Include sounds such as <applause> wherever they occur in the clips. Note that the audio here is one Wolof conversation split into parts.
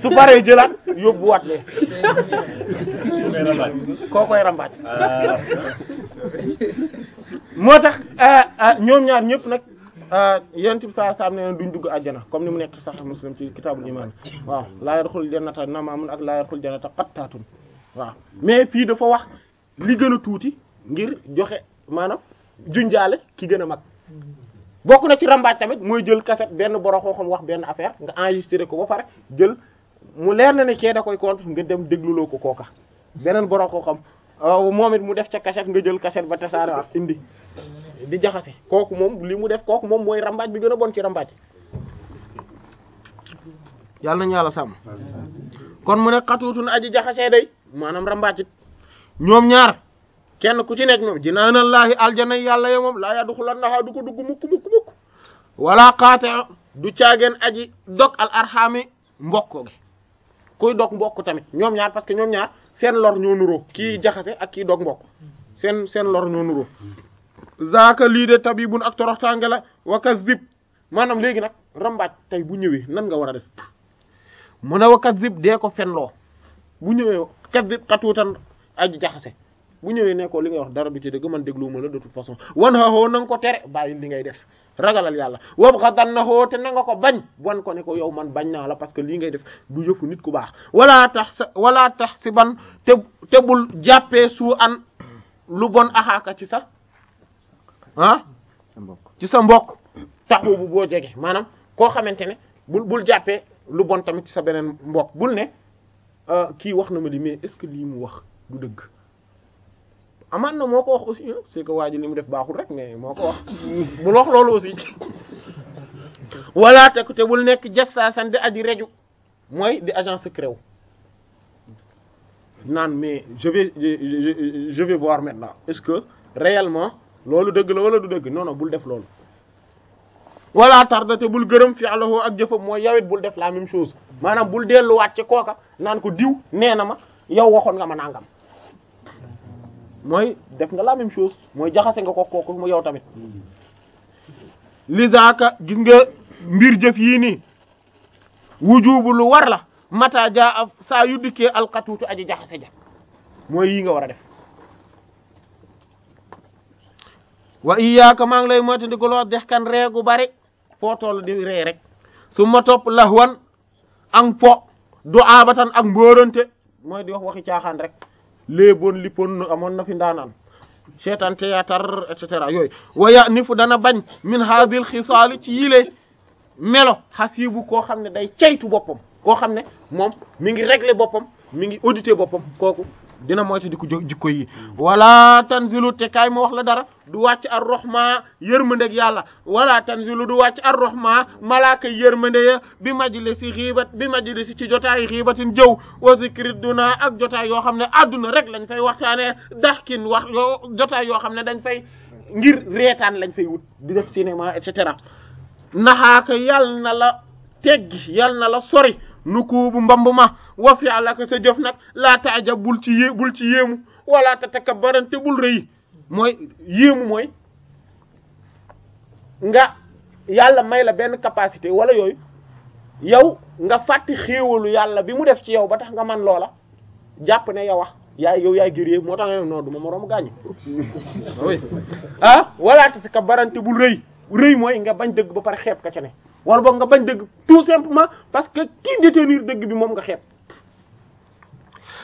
su paree jëlaat yóbbuwaat lee koo koy rambaaj moo tax euh, euh, ñoom ñaar ñëpp nag euh, yonent bi saa saam ne duñ dugg àjjana comme ni mu nekk sax muslim ci kitaabul imaan waaw laa yadxul jannata namaamun ak laa yadxul jannata qattaatun waaw mais fii dafa wax li gën tuuti ngir joxe maanaam junjaale ki gën a mag bokk na ci rambaaj tamit mooy jël cassette benn boroxoo xam wax benn affaire nga enregistré ko ba pare jël mu leer na ne kee da koy contre nga dem dégluloo ko kooka beneen boroxoo xam moom it mu def ca cassette nga jël cassette ba tasaara indi di jaxase kooku moom li mu def kook moom mooy rambaaj bi gën a bon ci rambaaj yàlla nañu yàlla mu ne xatuutun aji jaxasee ñoom ñaar ku ci nekk ñoom dinaanallaahi aljana yàlla yo moom laa yaa duxulan naxaa du ko dugg mukk mukk wala qaati'u du caageen aji dog al arxaami mbokk ki kuy dog mbokk tamit ñoom ñaar parce que ñoom ñaar seen lor ñoo nuroo kii jaxase ak kii dog mbokk seen lor ñoo nuroo zaaka lii de tabibun ak toroxtaange la wa kazib maanaam léegi nag rambaaj tey bu ñëwee nan nga war a def mu ne wa kazib dee ko fenloo bu ñëwee kazib xatuutan aji jaxase bu ñëwee ne ko li ngay wax dara du ci dëgg man dégluwuma la de toute façon wan xaxoo na ko tere bàyyi li ngay def ragalal yàlla wabxadannahu te na nanga ko bañ wan ko ne ko yow man bañ naa la parce que lii ngay def du yëfu nit ku baax wala tax wala tax si ban te jàppe bul an lu bon axaaka ci sa ah ci sa mbokk taxu bu boo jege maanaam koo xamante ne bul bul jàppee lu bon tamit ci sa beneen mbokk bul ne euh, kii wax na ma li mais est-ce que lii mu wax du dëgg amaan na moo ko wax aussi c'est que waa ji li mu def baaxul rek mais moo ko wax bul wax loolu aussi wala te te bul nekk jassaasan di aji reju mooy di agent secret wu naan mais je vais je, je vais voir maintenant est-ce que réellement loolu dëgg la wala du dëgg non non bul def loolu wala tardate bul gërëm fi àlahoo ak jëfam mooy yawit bul def la même chose maanaam bul delluwaat ci kooka naan ko diw nee na ma yow waxoon nga ma nangam mooy def nga la même mooy jaxase nga ko kooku mu yow tamit hmm. lisaaka gis nga mbir jëf yii nii wujubu lu war la mata jaa af saa yu dikkee alxatuutu aji jaxase ja mooy yii nga war a def wa iyyaka maa ngi lay moytandikuloo dex kan reegu bari foo toll di ree rek su ma topp lahwan ang po du aabatan ak mbóorante mooy di wax waxi caaxaan rek léeboon lippoon amoon na fi ndaanaan seetaan théâtre et cetera yooyu waya ni fu dana bañ min haadil xisaali ci yile melo xasibu koo xam ne day ceytu boppam koo xam ne moom mi ngi régler boppam mi ngi auditer boppam kooku dina moytandiku jikko yi wala tanzilu te kaay ma wax la dara du wàcc ar rahma yërmandeg yàlla wala tanzilu du wàcc ar rahma malaaka yërmande ya bi majlisi xiibat bi majlisi ci jotaay xiibatin jëw wa zikri duna ak jotaay yoo xam ne adduna rek lañ fay waxtaanee daxkin wax yoo jotaay yoo xam ne dañ fay ngir reetaan lañ fay wut di def cinéma et cetera naxaaka yàll na la teggi yàll na la sori nukuubu mbamb ma wa fi alaka sa jëf nag laa taajab bul ci yé bul ci yéemu wala tatakabbaran te bul rëy mooy yéemu mooy nga yàlla may la benn capacité wala yooyu yow nga fàtti xéewalu yàlla bi mu def ci yow ba tax nga man loola jàpp ne yow wax yaay yow yaay gëree moo tax non du ma moroom gaañu <laughs> ah wala tatakabbaran te bul rëy rëy mooy nga bañ dëgg ba pare xeeb ka ca ne wala boog nga bañ dëgg tout simplement parce que kii détenir dëgg bi moom nga xeeb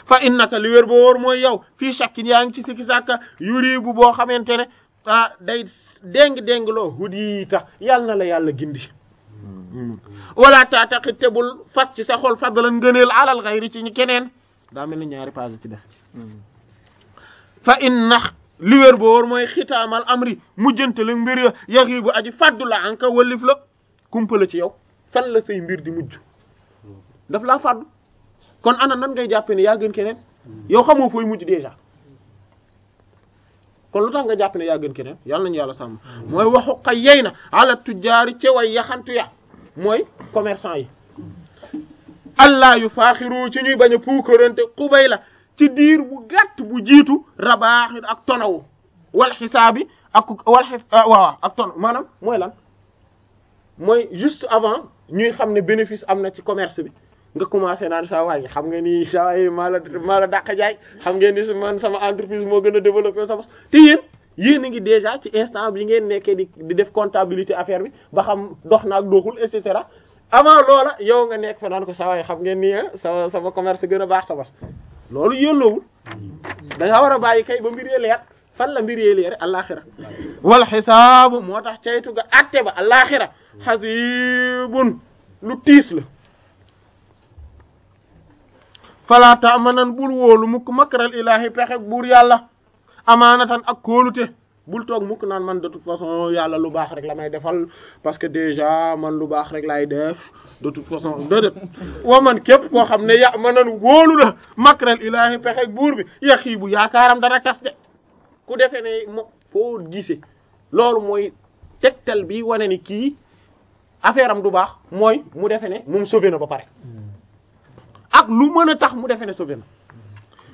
fa innaka li wér ba wóor mooy yow fii shakkin yaa ngi ci sikki sàkka yuri bu boo xamante ne ah day déng loo hudiita yàlla na la yàlla gindi hmm. wala taataqit te bul fas ci sa xol fadlan ngëneel alal xayri ci ñu keneen daa mel ni ñaari page ci des hmm. fa inna li wér ba wóor mooy xitaamal amri mujjante la mbir ya aji fàddu la anka wallif la kumpa la ci yow fan la say mbir di mujj daf laa fàddu kon ana nan ngay jàppe ne yaa gën keneen yow xamoo fooy mujj déjà kon lu tax nga jàpp ne yaa keneen yàlla nañu yàlla sàmm mooy waxu xayey na ala tujjaari ci way mooy commerçant yi allah yu faaxiru ci ñuy bañ a puukarante xubay la ci diir bu gàtt bu jiitu rabaaxi ak tonawu wal xisaabi ak wal xis ah, mooy lan mooy juste avant ñuy xam ne bénéfice am na ci commerce bi nga commencé naan saa waay xam nga ni maa la maa la dàq jaay xam ngeen ni sama entreprise moo gën a développé sama te yéen yéen a ngi déjà ci instant bi ngeen nekkee di di def comptabilité affaire bi ba xam dox naag doxul et cetera avant loola yow nga nekk fa naan ko saa xam ngeen ni ah, sa sama commerce gën a baax sa bas loolu yelloowul da nga war a bàyyi kay ba mbir leer fan la mbir yee leer alaxira wal xisaabu moo tax caytu ga atte ba alaxira xasibun lu tiis la falaa taamanan bul woolu mukk makral ilaahi pexe buur yàlla amaanatan ak kóolute bul toog mukk naan man de toute façon yàlla lu baax rek la may defal parce que déjà man lu baax rek laay def de toute façon déedéet wa man képp koo xam ne ya manan wóolu la makral ilaahi pexe buur bi yaxii bu yaakaaram dara tas de ku defee ne mo foo gisee loolu mooy tegtal bi wane ni kii affaire am du baax mooy mu defe ne moom sauvé na ba pare ak lu mën a tax mu defe ne sauvé na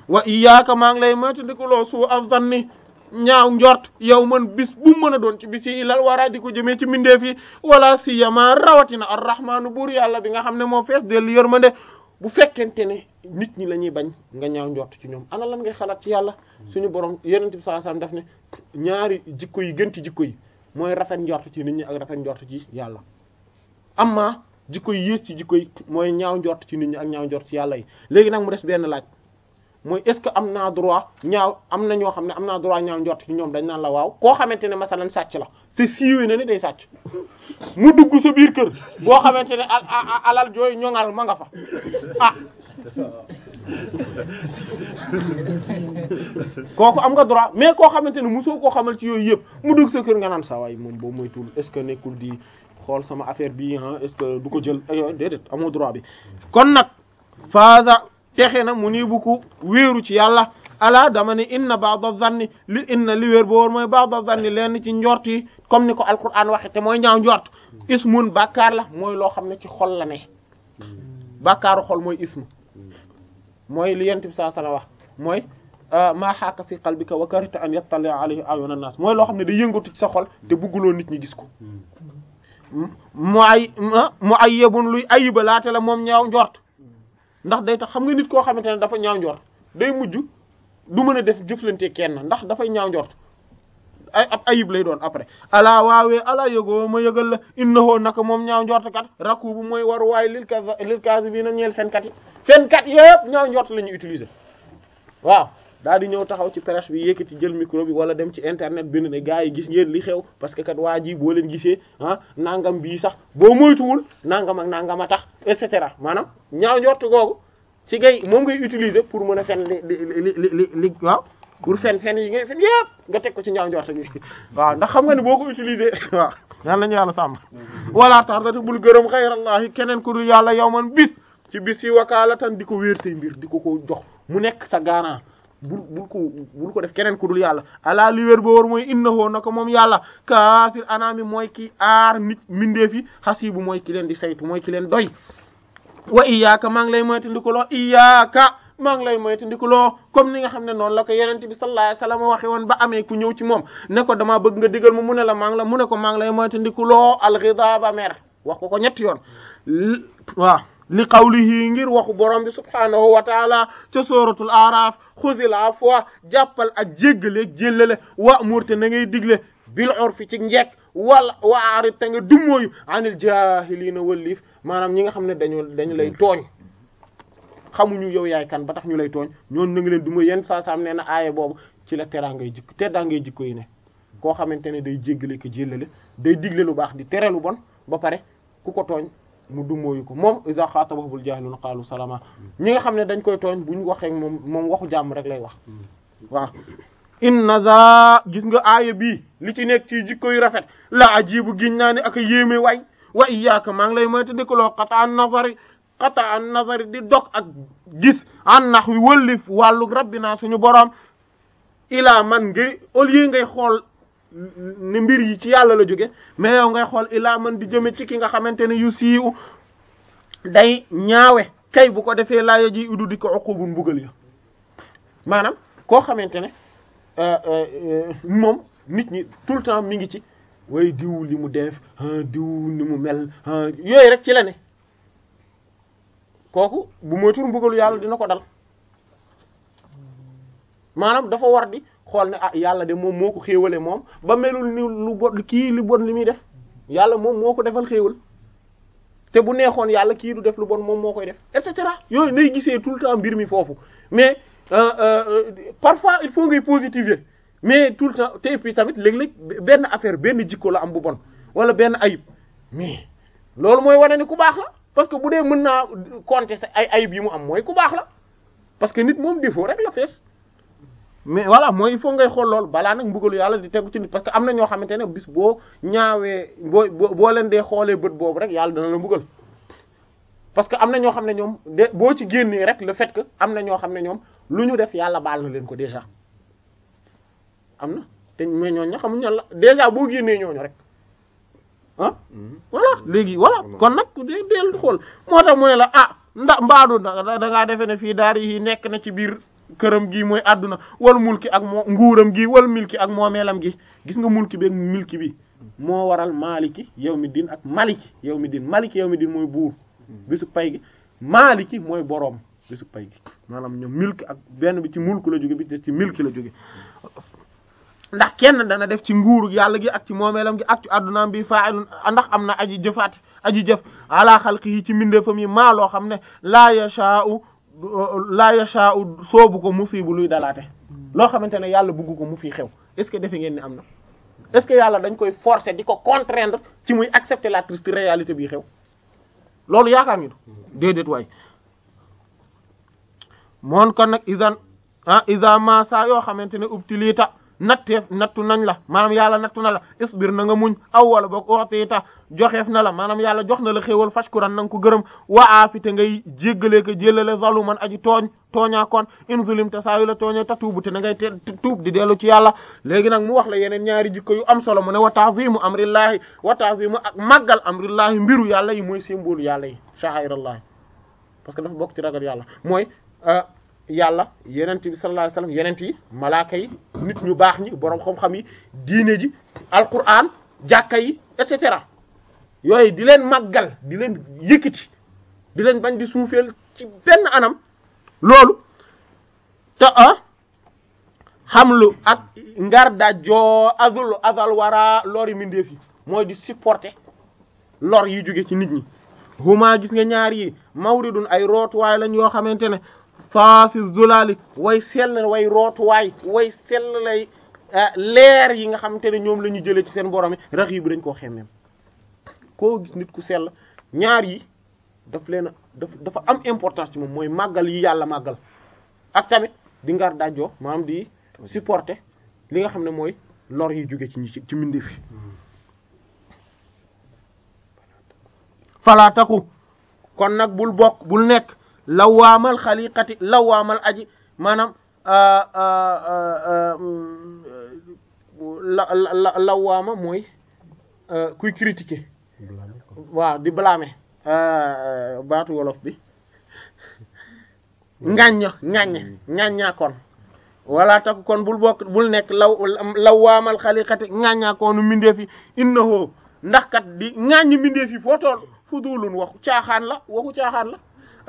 wa iyyaka maa ngi lay moytandikuloo suu afzanni ñaaw njort yow man bis bu mën a doon ci bis yi ilal wara di ko jëmee ci mbindeef yi wala siyama rawatina arrahmaanu buur yàlla bi nga xam ne moo fees del yërmande bu fekkente ne nit ñi lañuy bañ nga ñaaw njort ci ñoom ana lan ngay xalaat ci yàlla suñu borom yeneen bi sallallahu def wasallam ne ñaari jikko yi gën ci jikko yi mooy rafet njort ci nit ñi ak rafet njort ci yàlla amma jikko yi yées ci jikko yi mooy ñaaw njort ci nit ñi ak ñaaw njort ci yàlla yi léegi nag mu des benn laaj mooy est-ce que am naa droit ñaaw am na ñoo xam ne am naa droit ñaaw njort ci ñoom dañ naan la waaw koo xamante ne masalan sàcc la te siiwee na ne day sàcc mu dugg sa biir kër boo xamante ne alal jooy ñoŋal ma nga fa ah kooku am nga droit mais koo xamante ne mosoo koo xamal ci yooyu yëpp mu dugg sa kër nga naan saa waay moom boo moytuwul est-ce que nekkul di xool sama affaire bii ah est-ce que du ko jël aywa eh, eh, déedéet amoo droit bi kon nag faasa texe na mu nii bu ko wéeru ci yàlla ala dama ne inna ba'da zanni li inna li wéer boo war mooy ba'da zanni lenn ci njort yi comme ni ko alquran waxe te mooy ñaaw njort ismun bàkkaar la mooy loo xam ne ci xool la ne bàkkaaru xol mooy ismu mooy li yent bi saa sala wax mooy euh, maa xaaka fi qalbika wa karita an mooy loo xam ne day yëngatu ci te bugguloo nit ñi gis ko mu ay ah, mu ay yebun luy ayiba laate la moom ñaaw njort ndax day tax xam nga nit koo xamante ne dafa ñaaw njort day mujj du mën a def jëflante kenn ndax dafay ñaaw njort ay ab ayib lay doon après alaa waawee alaa yëgoo ma yëgal la innahu naka moom ñaaw njortkat rakku bu mooy war waay lil kaas lil kaas bii na ñeel fenkat yi fenkat yëpp ñaaw njort la ñu utiliser waaw daa di ñëw taxaw ci presse bi yëkkati jël micro bi wala dem ci internet bind ne gaa yi gis ngeen li xew parce que kat waa ji boo leen gisee ah nangam bii sax boo moytuwul nangam ak nangam a tax et cetera maanaam ñaaw njort googu ci gay moom ngay utiliser pour mën a fen li li li li li waaw pour fen fen yi ngay fen yëpp nga teg ko ci ñaaw njort bi <laughs> waaw ndax xam nga ne boo ko utiliser <laughs> waaw yal nañu yàlla sàmm mm-hmm. wala tardate bul gërëm xayrallahi keneen ku dul yàlla yow man bis ci bis yi wakaalatan di ko wéer say mbir di ko ko jox mu nekk sa garant bul bul ko def keneen ku dul yàlla alaa li wér ba wóor mooy innahoo na ko moom yàlla kaafir anaami mooy ki aar nit mindeef yi xasibu mooy ki leen di saytu mooy ki leen doy wa iyaaka maa ngi lay loo iyaaka maa ngi lay moytandikuloo comme ni nga xam ne noonu la ko yenente bi sallallahu alayhi wasallam waxe woon ba amee ku ñëw ci moom ne ko dama bëgg nga digal ma mu ne la maa ngi la mu ne ko maa ngi loo al alxidaaba mer wax ko ko ñetti yoon li qawlihi ngir waxu borom bi subhaanahu wa taala ca sooratul aaraaf xuzil afwa jàppal ak jéggale jéllale wa te na ngay digle bil urfi ci njekk walla waarit te nga dummóoyu anil jaahiliina wëlliif maanaam ñi nga xam ne dañu dañu lay tooñ ñu yow yaay kan ba tax ñu lay tooñ ñoon na nga leen dummóoyu yenn saa saam nee na aaye boobu ci la teraa ngay jikk te daa jikko yi ne koo xamante ne day jéggale ki jéllale day digle lu baax di tereelu bon ba pare ku ko tooñ mu dummóoyu ko moom iza xaatabahumul jaahiluuna qaalu salama ñi nga xam ne dañ koy tooñ bu ñu waxee moom moom waxu jàmm rek lay wax waaw inna za gis nga aaya bi li ci nekk ci jikko yu rafet la ajibu giñ naa ne ak a yéeme way wa iyyaka maa ngi lay moyta dëkkaloo xataa nazari xataa nazari di dog ak gis an nax wi wëllif wàllu rabbinaa suñu boroom ila man ngay au lieu ngay xool ne mbir yi ci yàlla la jóge mais yow ngay xool ilaa man di jëme ci ki nga xamante ne yu siiw day ñaawe kay bu ko defee laayo ji udu di ko oqubun mbugal ya maanaam koo xamante ne euh, euh, moom nit ñi tout le temps mi ngi ci way diw li mu def diw ni mu mel yooyu ci la kooku bu moytuwul mbugalu yàlla dina ko dal maanaam dafa war di xool ne ah yàlla de moom moo ko xéewale moom ba melul ni lu bon kii lu bon li muy def yàlla moom moo ko defal xéewal te bu neexoon yàlla kii du def lu bon moom moo koy def et cetera yooyu nay gisee tout le temps mbir mi foofu mais euh, euh, euh, parfois il faut ngay positiver mais tout le temps te puis tamit léeg-léeg benn affaire benn jikko la am bu bon wala benn ayib mais loolu mooy wane ni ku baax la parce que bu dee mën naa contester ay ayib yi mu am mooy ku baax la parce que nit moom défaut rek la fees mais voilà mooy il faut ngay xool loolu balaa nag mbugalu yàlla di tegu ci nit parce que am na ñoo xamante ne boo ñaawee boo boo leen dee xoolee bët boobu rek yàlla dana la parce que am na ñoo xam ne ñoom boo ci génnee rek le fait que am na ñoo xam ne ñoom lu ñu def yàlla baal na leen ko déjà am na te mais ñooñu xamuñu la déjà boo génnee ñooñu rek ah. voilà léegi voilà mm-hmm. kon nag day deel xool moo tax mu ne la ah nda mbaadu da ngaa defee ne fii daari yi nekk na ci biir këram gi mooy àdduna wal mulki ak nguuram gi wal milki ak moomeelam gi gis nga mulki beeg milki bi moo waral maliki yawmi din ak maliki yawmi din maliki yawmi din mooy buur bisu pay gi maliki mooy boroom bisu pay gi maanaam ñoom milki ak benn bi ci mulk la jóge bi ci milki la ndax kenn dana def ci nguuru yàlla gi ak ci moomeelam gi ak ci àdduna bi fa'ilun ndax am na aj jëfaat aji jëf ala xalqi yi ci mbindeefam yi maa loo xam ne laa yasha'u laa yasha soobu ko bu luy dalaate loo xamante ne yàlla bëgg ko mu fii xew est-ce que defe ngeen ni am na est-ce que yàlla dañ koy forcer di ko contraindre ci muy accepter la triste réalité bii xew loolu yaakaar ñu déedéet waay moon kon nag isan ah isa ma yoo xamante ne ubtilita natteef nattu nañ la maanaam yàlla nattu na la isbir na nga muñ aw wala boog waxtu tax joxeef na la maanaam yàlla jox na la xéewal fashkuran na nga ko gërëm wa aafite ngay jéggale ko jëlale zaluman aji tooñ tooñaa kon in zulimta saa yu la tooñee ta tuubu te na ngay tuub di dellu ci yàlla léegi nag mu wax la yeneen ñaari jikko yu am solo mu ne wa ta'zimu amrillahi wa ta'zimu ak màggal amrillahi mbiru yàlla yi mooy symbole yàlla yi sha'airallahi parce que dafa bokk ci ragal yàlla mooy euh, yàlla yenent bi sallallahu alayhi wasallam yi malaaka yi nit ñu baax ñi borom xam-xam yi diine ji alquran jàkka yi et cetera yooyu di leen màggal di leen yëkkati di leen bañ di suufeel ci benn anam loolu te a xam lu ak ngar dajoo azul azal wara lor yi mindeef yi mooy di supporter lor yi jóge ci nit ñi huma gis nga ñaar yi mawridun ay rootuwaay lañ yoo xamante ne faafi zulaali way sell way rootuwaay way sell lay ah, leer yi nga xamante ne ñoom la ñu jëlee ci seen borom yi rax yi bi dañ koo xemmeem koo gis nit ku sell ñaar yi daf leen dafa am importance ci moom mooy màggal yi yàlla màggal ak tamit di ngar dajjoo maanaam di supporter li nga xam ne mooy lor yi jóge ci ñi ci mbindeef yi falaataku kon nag bul bokk bul nekk lawaamal xaliqati lawaamal aji maanaam ah, ah, ah, la la lawaama mooy kuy critiquer waaw di blâmer baatu wolof bi ngañño ngaññe ngaññaakoon wala tak kon bul bokk bul nekk law lawaamal xaliqati ngaññaakoonu mbindeef yi innahu ndax kat di ngaññi mbindeef yi foo tool fudulun waxu caaxaan la waxu caaxaan la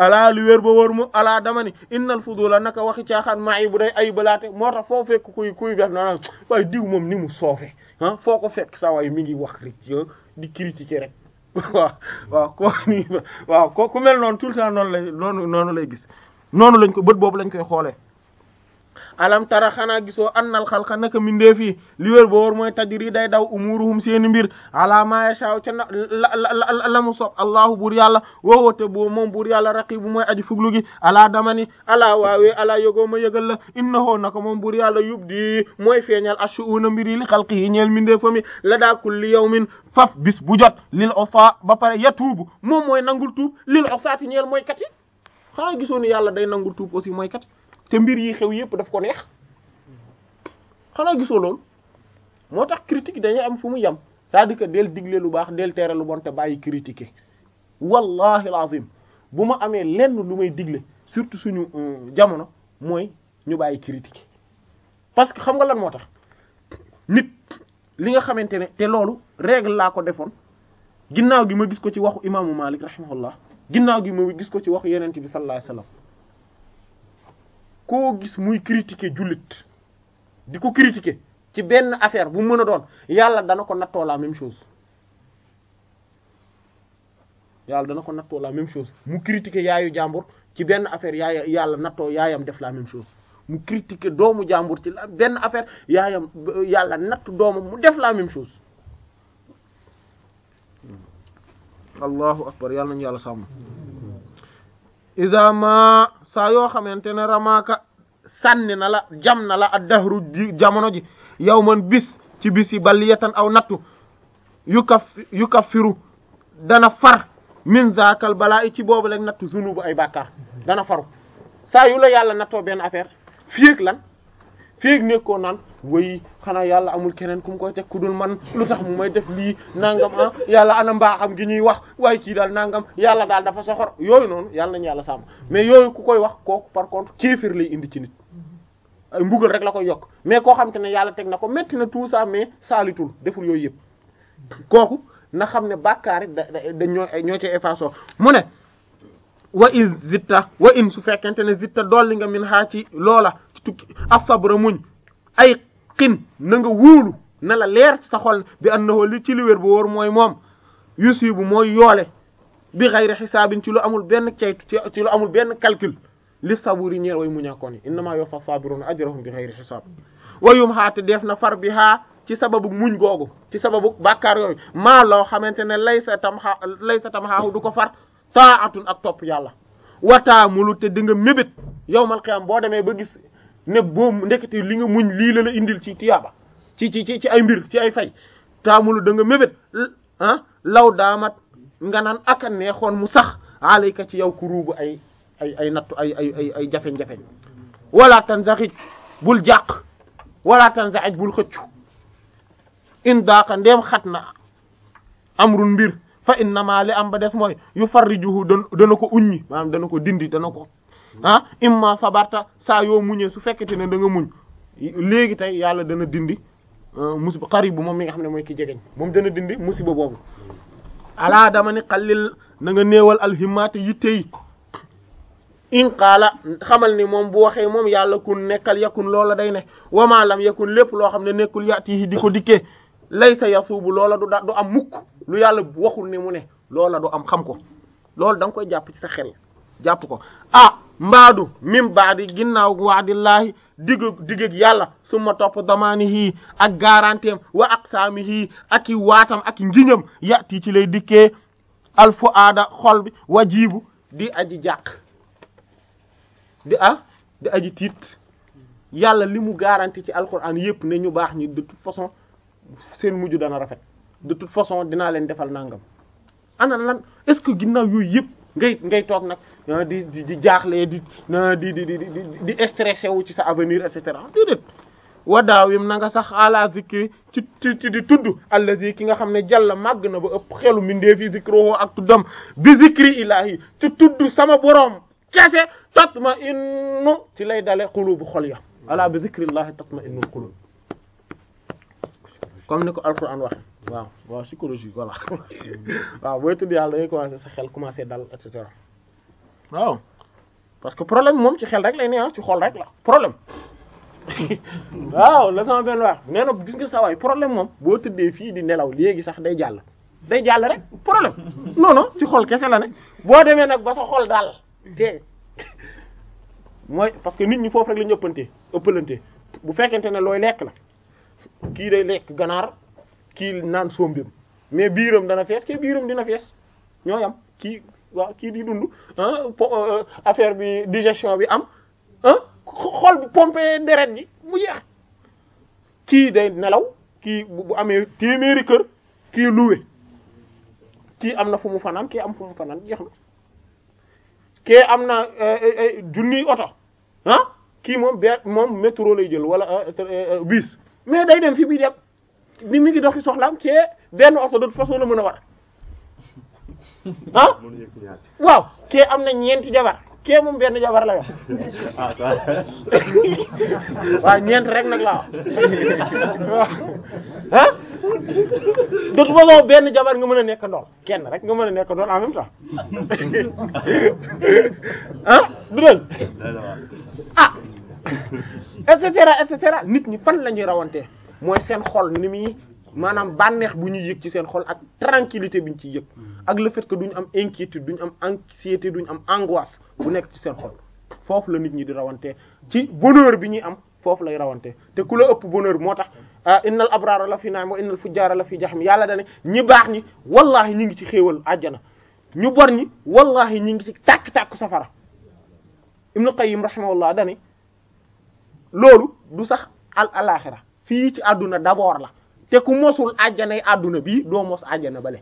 alaa lu wér ba wër mu alaa dama ni innal fudula naka waxi caaxaan maa bu day ay balaate moo tax foo fekk kuy kuy def na waaye diw moom ni mu soofe ah foo ko fekk saa waay mi ngi wax rek di critiquer rek <laughs> waaw waaw <laughs> waaw ko ku mel noonu tout le noonu lay noonu noonu lay gis noonu lañ ko bët boobu lañu koy xoolee alam tara xanaa gisoo annal xalqa naka mindeef yi li wér ba day daw umuruhum seeni mbir ala ma yashaa ca na la la mu sob allahu buur yàlla woowote boo moom buur yàlla raqibu moy aji fuglu gi damani alaa waawee alaa yogoo ma yëgal la innahu naka moom buur yàlla yubdi mooy feeñal ashuuna mbir yi li xalqi yi ñeel mindeefa mi kulli yawmin faf bis bu lil osa ba pare yatuubu moom mooy nangul tuub lil ñeel mooy kat yi xanaa ni yàlla day nangul tuub aussi mooy te mbir yi xew yépp daf ko neex xanaa gisoo loolu moo tax critique dañuy am fu mu yem c'est-à-dire del digle lu baax del tere lu bon te bàyyi critiquer wallahi alazim bu ma amee lenn lu may digle surtout suñu euh, jamono mooy ñu bàyyi critiquer parce que xam nga lan moo tax nit li nga xamante ne te loolu règle laa ko defoon ginnaaw gi ma gis ko ci waxu imaamu Malik rahimahullah ginnaaw gi ma gis ko ci waxu yenente bi sallallahu alayhi wasallam koo gis muy critiquer jullit di ko critiquer ci benn affaire bu mën a doon yàlla dana ko nattoo la même chose yàlla dana ko nattoo la même chose mu critiquer yaayu jàmbur ci benn affaire yaay yàlla nattoo yaayam def la même chose mu doomu jàmbur ci la benn affaire yaayam yàlla natt doomam mu def la même chose allahu akbar yàlla nañu yàlla sàmm saa yoo xamante ne ramaaka sànni na la jam na la ad dahru jamono ji yow man bis ci bis yi baliyatan aw nattu yu kaf kafiru dana far min zaakal balaa i ci boobu lañ nattu zunubu ay bàkkaar dana faru saa yu la yàlla nattoo benn affaire fii ak lan feeg nekkoo naan way xanaa yàlla amul keneen ku mu koy teg ku dul man lu tax mu may def lii nangam ah yàlla ana mbaaxam gi ñuy wax waaye kii daal nangam yàlla daal dafa soxor yooyu noonu yàlla nañu yàlla sàmm mais yooyu ku koy wax kooku par contre kéefir lay indi ci nit ay mbugal rek la koy yokk mais koo xam te ne yàlla teg na ko métti na tout ça mais saalitul deful yooyu yëpp kooku na xam ne bàkkaar da da ñoo ñoo ci effacer mu ne wa in zitta wa in su fekkente ne dool li nga min xaa ci loola ci tukki asabra muñ ay xin na nga na la leer ci sa xol bi annahu li ci liwér bu wóor mooy moom yusibu mooy yoole bi xayri xisaabin ci lu amul benn ceytu ci lu amul benn calcul li saburi ñeel way muñakoon yi innama yoo fa sabiruna ajrahum bi xayri xisaab wayum xaate def na far bi xaa ci sababu muñ googu ci sababu bàkkaar yooyu maa loo xamante ne lay sa tam xa lay sa tam du ko far taatun ak topp yàlla wataamulu te di nga mébét yowmal qiyaam boo demee ba gis ne boo ndekete li nga muñ lii la indil ci tiyaaba ci ci ci ay mbir ci ay fay taamulu da nga ah, law daamat nga naan aka neexoon mu sax alayka ci yow ku ruubu ay ay nattu ay ay ay ay jafeñ-jafeñ wala bul jàq wala tanzaxij bul xëccu in daaka ndeem xat na amrun mbir fa innama li am ba des mooy yu farrijuhu dana ko uññi maanaam dana ko dindi dana ko ah imma sabarta saa yoo muñee su fekkete ne da nga muñ léegi tey yàlla dana dindi ah, musiba qaribu moom mi nga xam ne mooy ki jegeñ moom dana dindi musiba boobu alaa dama ni xallil na nga néewal alhimmaate yitte yi inqaala xamal ni moom bu waxee moom yàlla kun nekkal yakun loola day ne wamaalam yakun lépp loo xam ne nekkul yàtt yi di ko dikkee lay sa yasuubu loola du da am mukk lu yàlla waxul ne mu ne loola du am xam ko loolu da koy jàpp ci sa xel jàpp ko ah mbaadu mim baadi ginnaaw waadillaahi digg digg yàlla suma topp damaanihi ak garanteem wa aqsaamihi ak i waatam ak i ngiñam yàtti ci lay dikkee alfuaada xol bi wajibu di aji jàq di ah di aji tiit yàlla li mu garanti ci alquran yépp ne ñu baax ñi de toute façon seen mujj dana rafet de façon dinaa leen defal nangam ana lan est-ce que ginnaaw yooyu yëpp ngay ngay toog nag ah, di di di jaaxle ah, di di di di di stressé wu ci sa avenir et cetera déedéet. wadaaw yim na nga sax ala zikri ci di tudd allazi ki nga xam ne jàlla màgg na ba ëpp xelu mindee fi zikruhu ak tuddam bi zikri ilahi ci tudd sama borom kese tatma innu ci lay dale xulubu xol ya ala bi zikrillahi tatma innul qulub comme ni ko alquran waxe waaw waaw psychologie voilà mm-hmm. <laughs> waaw booy tudd yàlla dangay commencer sa xel commencer dal et cetera waaw parce que problème moom si xel rek lay ne si ah, xol rek la problème <laughs> waaw la sama na gis nga sa waay problème moom boo tëddee fii di nelaw léegi sax day jàll day jàll rek problème <laughs> non non xol kese la ne boo demee nag ba sa xol daal te mooy parce que nit ñi foofu rek la ñu ëppante bu fekkente ne looy lekk la kii day lekk ganaar kii naan sombeem mais biiram dana fees kii biiram dina fees ñoo yam kii di dund euh, euh, affaire bi digestion bi am xol bi pomper deret mu jeex kii day nelaw kii bu amee téeméeri kër kii luwe kii am na fu mu fanaan kii am fu mu fanaan jeex na kii am na euh, junniy oto ah moom be moom métro lay jël wala bus mais day dem fi bii dem ni mi ngi doxi soxlaam ci benn oto de toute la mën a war ah waaw kee am na ñeenti jabar kee moom benn jabar la yor ah, <laughs> waaw ñeent rek nag laa waaw <laughs> ah de toute benn jabar nga mën a nekk ndool kenn rek nga mën a nekk ndool en même temps <laughs> ah? du dëgg ah et cetera et cetera nit ñi fan la ñuy rawantee mooy seen xol ni mii maanaam bànneex bu ñu yëg ci seen xol ak tranquillité bi ñu ciy yëg hmm. ak le fait que duñu am inquiétude duñu am anxiété duñu am angoisse bu nekk ci seen xol foofu la nit ñi di rawante ci bonheur bi ñuy am foofu lay rawante te ku la ëpp bonheur moo tax ah, innal abraara la fi naam wa innal fujjaara la fi jahim yàlla dane ñi baax ñi wallahi ñi ngi ci xéewal àjjana ñu bor ñi wallahi ñi ngi ci tàkk-tàkk safara yim qayyim rahimahullah dane loolu du sax al fii ci àdduna d'abord la te ku mosul àjjanay àdduna bii doo mos àjjana bale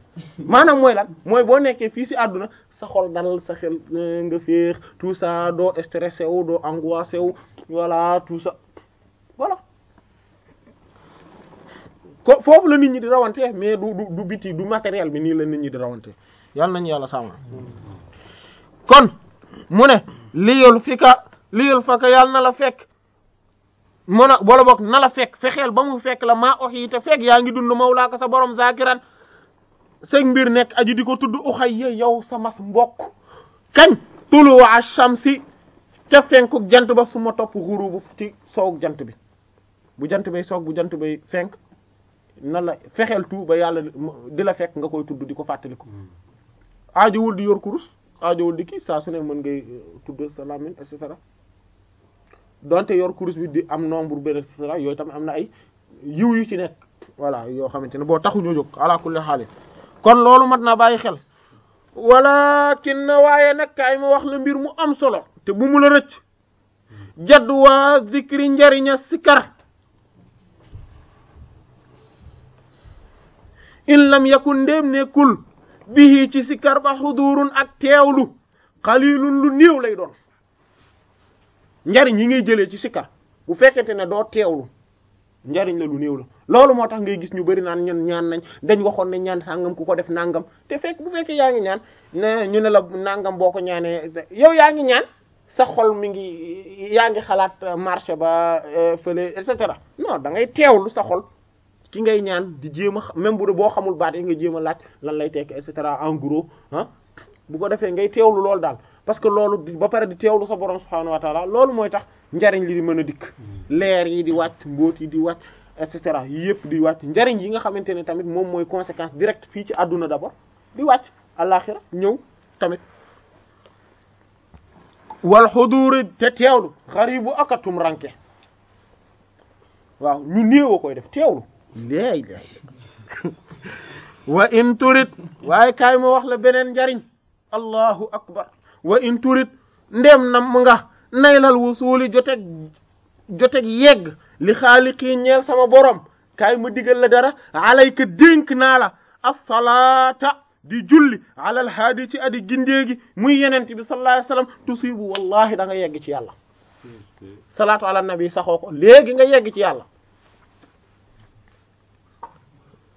maanaam mooy lan mooy boo nekkee fii si àdduna sa xol dal sa xel eh, nga féex tout ça doo stressé wu doo angoissé wu voilà tout ça foofu la nit ñi di rawante mais du du du biti du matériel bi nii la nit ñi di rawante yal nañu yàlla sàmm kon mu ne liyul fika liyul faka yàlla na la fekk mën a wala boog na la fekk fexeel ba mu fekk la ma oxi te fekk yaa ngi dund mawlaa ko sa borom zakiran sëg mbir nekk aji di ko tudd uxay ye yow sa mas mbokk kañ tuluwa ash-shamsi ca fenkuk jant ba su ma topp xuru ti soowu jant bi bu jant bay soog jant bay fenk na la fexeel tu ba yàlla di la fekk nga koy tudd di ko fàttaliku hmm. aajowul di yor kurus aajowul di saa su ne mën ngay eh, tudd sa lamin et donte yor kurus bi di am nombre bi et cetera yooyu tamit am na ay yiw yu ci nekk voilà yoo xamante ne boo taxuñu jóg ala kulli xaali kon loolu mat na bàyyi xel walla walakin waaye nag kaay ma wax la mbir mu am solo te bu mu la rëcc jadwa zikri njariña sikar in lam yakun ndéem nekkul bihi ci sikar ba xudurun ak teewlu xalilun lu néew lay doon njariñ yi ngay jëlee ci sikkar bu fekkente ne doo teewlu njariñ la lu néew la loolu moo tax ngay gis ñu bari naan ñun ñaan nañ dañ waxoon ne ñaan sàngam ku ko def nangam te fekk bu fekkee yaa ngi ñaan ne ñu ne la nangam boo ko ñaanee yow yaa ngi ñaan sa xol mi ngi yaa ngi xalaat marché ba euh, fële et cetera non da ngay teewlu sa xol ki ngay ñaan di jéem a même bu boo xamul baat yi nga jéem a laaj lan lay tekk et cetera en gros bu ko defee ngay teewlu loolu daal parce que loolu ba pare di teewlu sa borom subhaanahu wa taala loolu mooy tax njariñ li di mën a dikk mm. leer yi di wàcc mbóot di wàcc et cetera yëpp di wàcc njariñ yi nga xamante ne tamit moom mooy conséquence directe fii ci àdduna d'abord di wàcc àlaxira ñëw tamit wal xuduuri te teewlu xaribu akatum ranke waaw ñu néew koy def teewlu léegi wa in turit waaye kaay ma wax la beneen njariñ allahu akbar wa in turit ndem nam nga naylal wusuuli joteg joteg yegg li xaaliqii ñeel sama borom kaay ma digal la dara alayka dénk naa la assalaata di julli alal haadi ci adi gindeegi muy yenent bi sallallahu alayhi wasallam tusibu wallahi da nga yegg ci yàlla salaatu ala nabi saxooko ko léegi nga yegg ci yàlla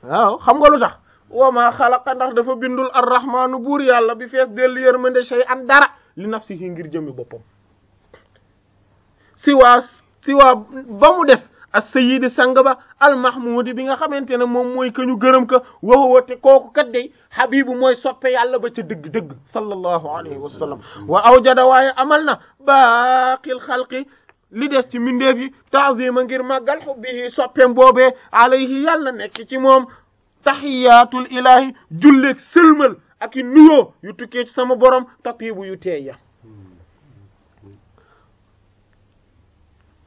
waaw xam nga lu tax wa maa xalaqa ndax dafa bindul arrahmaanu buur yàlla bi fees dellu yërmande shay an dara li nafsihi ngir jëmmi boppam siwaa siwaa ba mu des as sayidi sang ba almahmuudi bi nga xamante ne moom mooy ka ñu gërëm ka waxuwa te kooku kat day habibu mooy soppe yàlla ba ca dëgg-dëgg sallallahu alayhi wa sallam wa awjada waaye amal na baaqil xalqi li des ci mbindeef yi taazima ngir màggal xubbihi soppeem boobee alayhi yàlla nekk ci moom taxiyatul ilahi julleeg sëlmal ak i nuyoo yu tukkee ci sama borom tatibu yu teey ya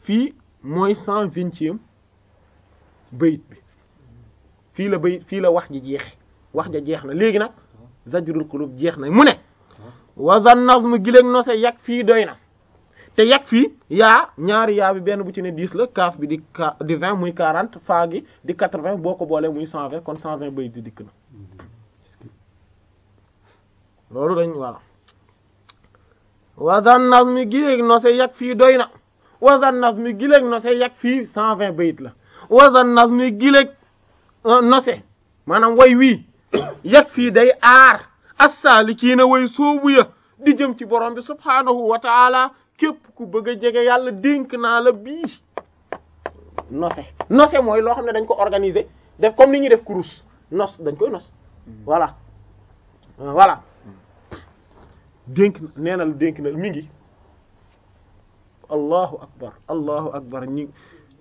fii mooy cent vingtième bayit bi fii la bayit fii la wax ji jeex wax ja jeex na léegi nag zajrul qulub jeex na mu ne wazan nazm giléeg nose yag fii doy na te yakfi yaa ñaari yaa bi benn bu ci ne 10 la kaaf bi di di 20 muy 40 faa gi di 80 boo ko boolee muy 120 kon 120 bay di dikk na loolu dañ nas mi giléeg nose yag fii doy na wasan nas mi giléeg nose yag fii 120 bayit la wasan nas mi giléeg nose maanaam way wii <coughs> yag fii day aar assaali kii na way soobu di jëm ci borom bi subhaanahu wa taala képp ku bëgg a jege yàlla dénk naa la bii nose nose mooy loo xam ne dañ ko organise def comme ni ñuy def kurus nos dañ koy nos voilà voilà dénk nee na la dénk na mi ngi allahu akbar allahu akbar ñi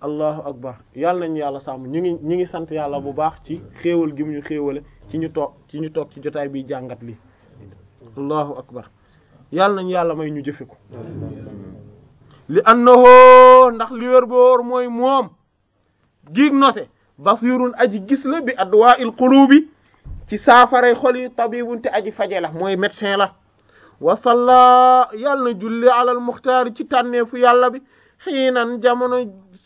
allahu akbar yàlla nañu yàlla sàmm ñu ngi ñu ngi sant yàlla bu baax ci xéewal gi mu ñu xéewale ci ñu toog ci ñu toog ci jotaay bi jàngat li allahu akbar yàlla nañu yàlla may ñu jëfe ko li annahu ndax li wér boor mooy moom giig nose basirun aji gis la bi adwaa'il qulubi ci saafaray xol yi tabibun te aji faje la mooy médecin la wa salla yàlla julli alal muxtaari ci tànneefu yàlla bi xiinan jamono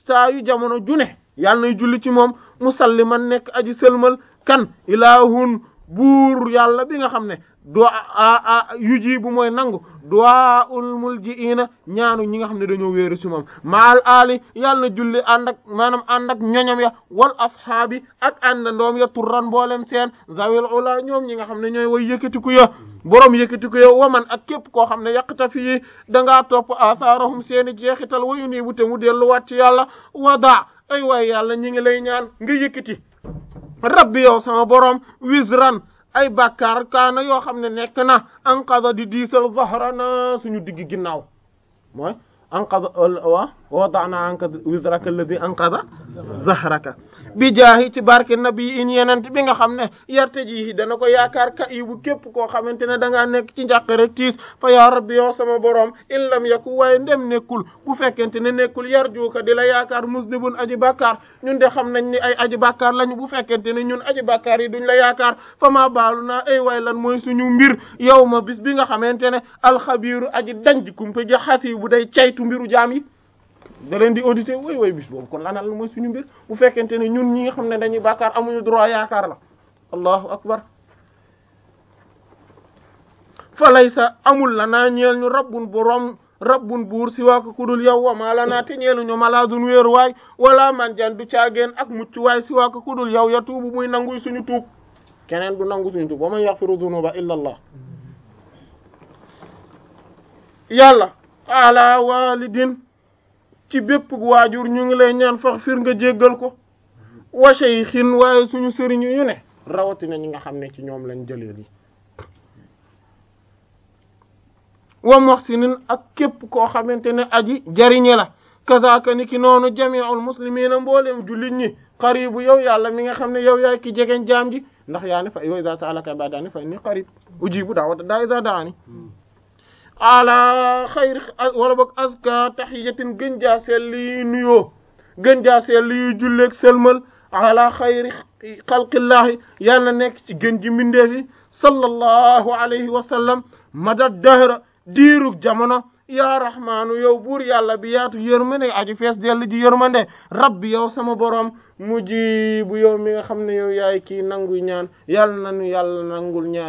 saa yu jamono june yàlla nay julli ci moom musalliman nekk aji sëlmal kan ilaahun buur yàlla bi nga xam ne a du'a yujibu mooy nangu du'aul muljiina ñaan ñi nga xam ne dañoo wéeru ci moom maal ali yàlla na julli ànd ak maanaam ànd ak ñoñom ya wal asxaabi ak àndandoom ya turran mboolem seen zawil ula ñoom ñi nga xam ne ñooy way ku ya boroom yëkkatiku ya man a képp koo xam ne yàqta fii dangaa topp athaarahum seeni jeexital wayu nii bu te mu delluwaat ci yàlla wada ay waay yàlla ngi lay ñaan nga yëkkati rabbi yow sama boroom wisran ay bàkkaar kaana yoo xam ne nekk na anqada di diisal zahrana suñu digg ginnaaw mooy anqada wa wada'na anka wizraka alladhi anqada zahraka bi jaahi ci barke nabi in yenent bi nga xam ne yarte ji dana ko yaakaar ka yi bu képp koo xamante ne da nga nekk ci njàqare tiis fa yaa rabbi yow sama borom in yaku waaye ndem nekkul bu fekkente ne nekkul yar yarjuuka di la yaakaar musnibun aji bàkkaar ñun de xam nañ ni ay aji bàkkaar lañu bu fekkente ne ñun aji bàkkaar yi duñ la yaakaar fa ma baalu na ay waay lan mooy suñu mbir yow ma bis bi nga xamante ne alxabiiru aji danj kumpa ji xasi bu day caytu mbiru jaam yi da leen di auditer way way bis boobu kon lanal mooy suñu mbir bu fekkente ne ñun ñi nga xam ne dañuy bàkkaar amuñu droit yaakaar la allahu akbar falaysa amul la naa ñeel ñu rabbun borom rabbun buur si waa ko kudul yow wa maa lanaa te ñeelu ñu malaadun wéeru waay wala man jan du caageen ak mucc waay si waa ko kudul yow ya tuubu muy nanguy suñu tuub keneen du nangu suñu tuub wa man yaxfiru dunuba illa allah yàlla ala walidin ci bépp waajur ñu ngi lay ñaan fax fir nga jéggal ko wa shaykhin waaye suñu sëriñ yu ne rawatina ñi nga xam ne ci ñoom lañ jëlee li wa muhsinin ak képp koo xamante ne aji jariñe la kazaaka ni ki noonu jami'ul muslimina mbooleem jullit ñi qaribu yow yàlla mi nga xam ne yow yaay ki jegeñ jaam ji ndax yaa ne fa yow iza sa'alaka ibadani fa inni qarib ujibu da'wata da'i iza da'ani ala xayri wala boog azka tahiyatin gën jaa selli nuyoo gën jaa selli julleeg selmal ala xayri xalqillaahi yàlla nekk ci gën ji mbindeefi sallallahu alayhi wa sallam madad dahra diirug jamono yaa rahmaanu yow buur yàlla bi yaatu yërmande aji fees dell ji yërmande rabbi yow sama borom mujibu yow mi nga xam ne yow yaay kii nangu ñaan yàlla nanu ñaan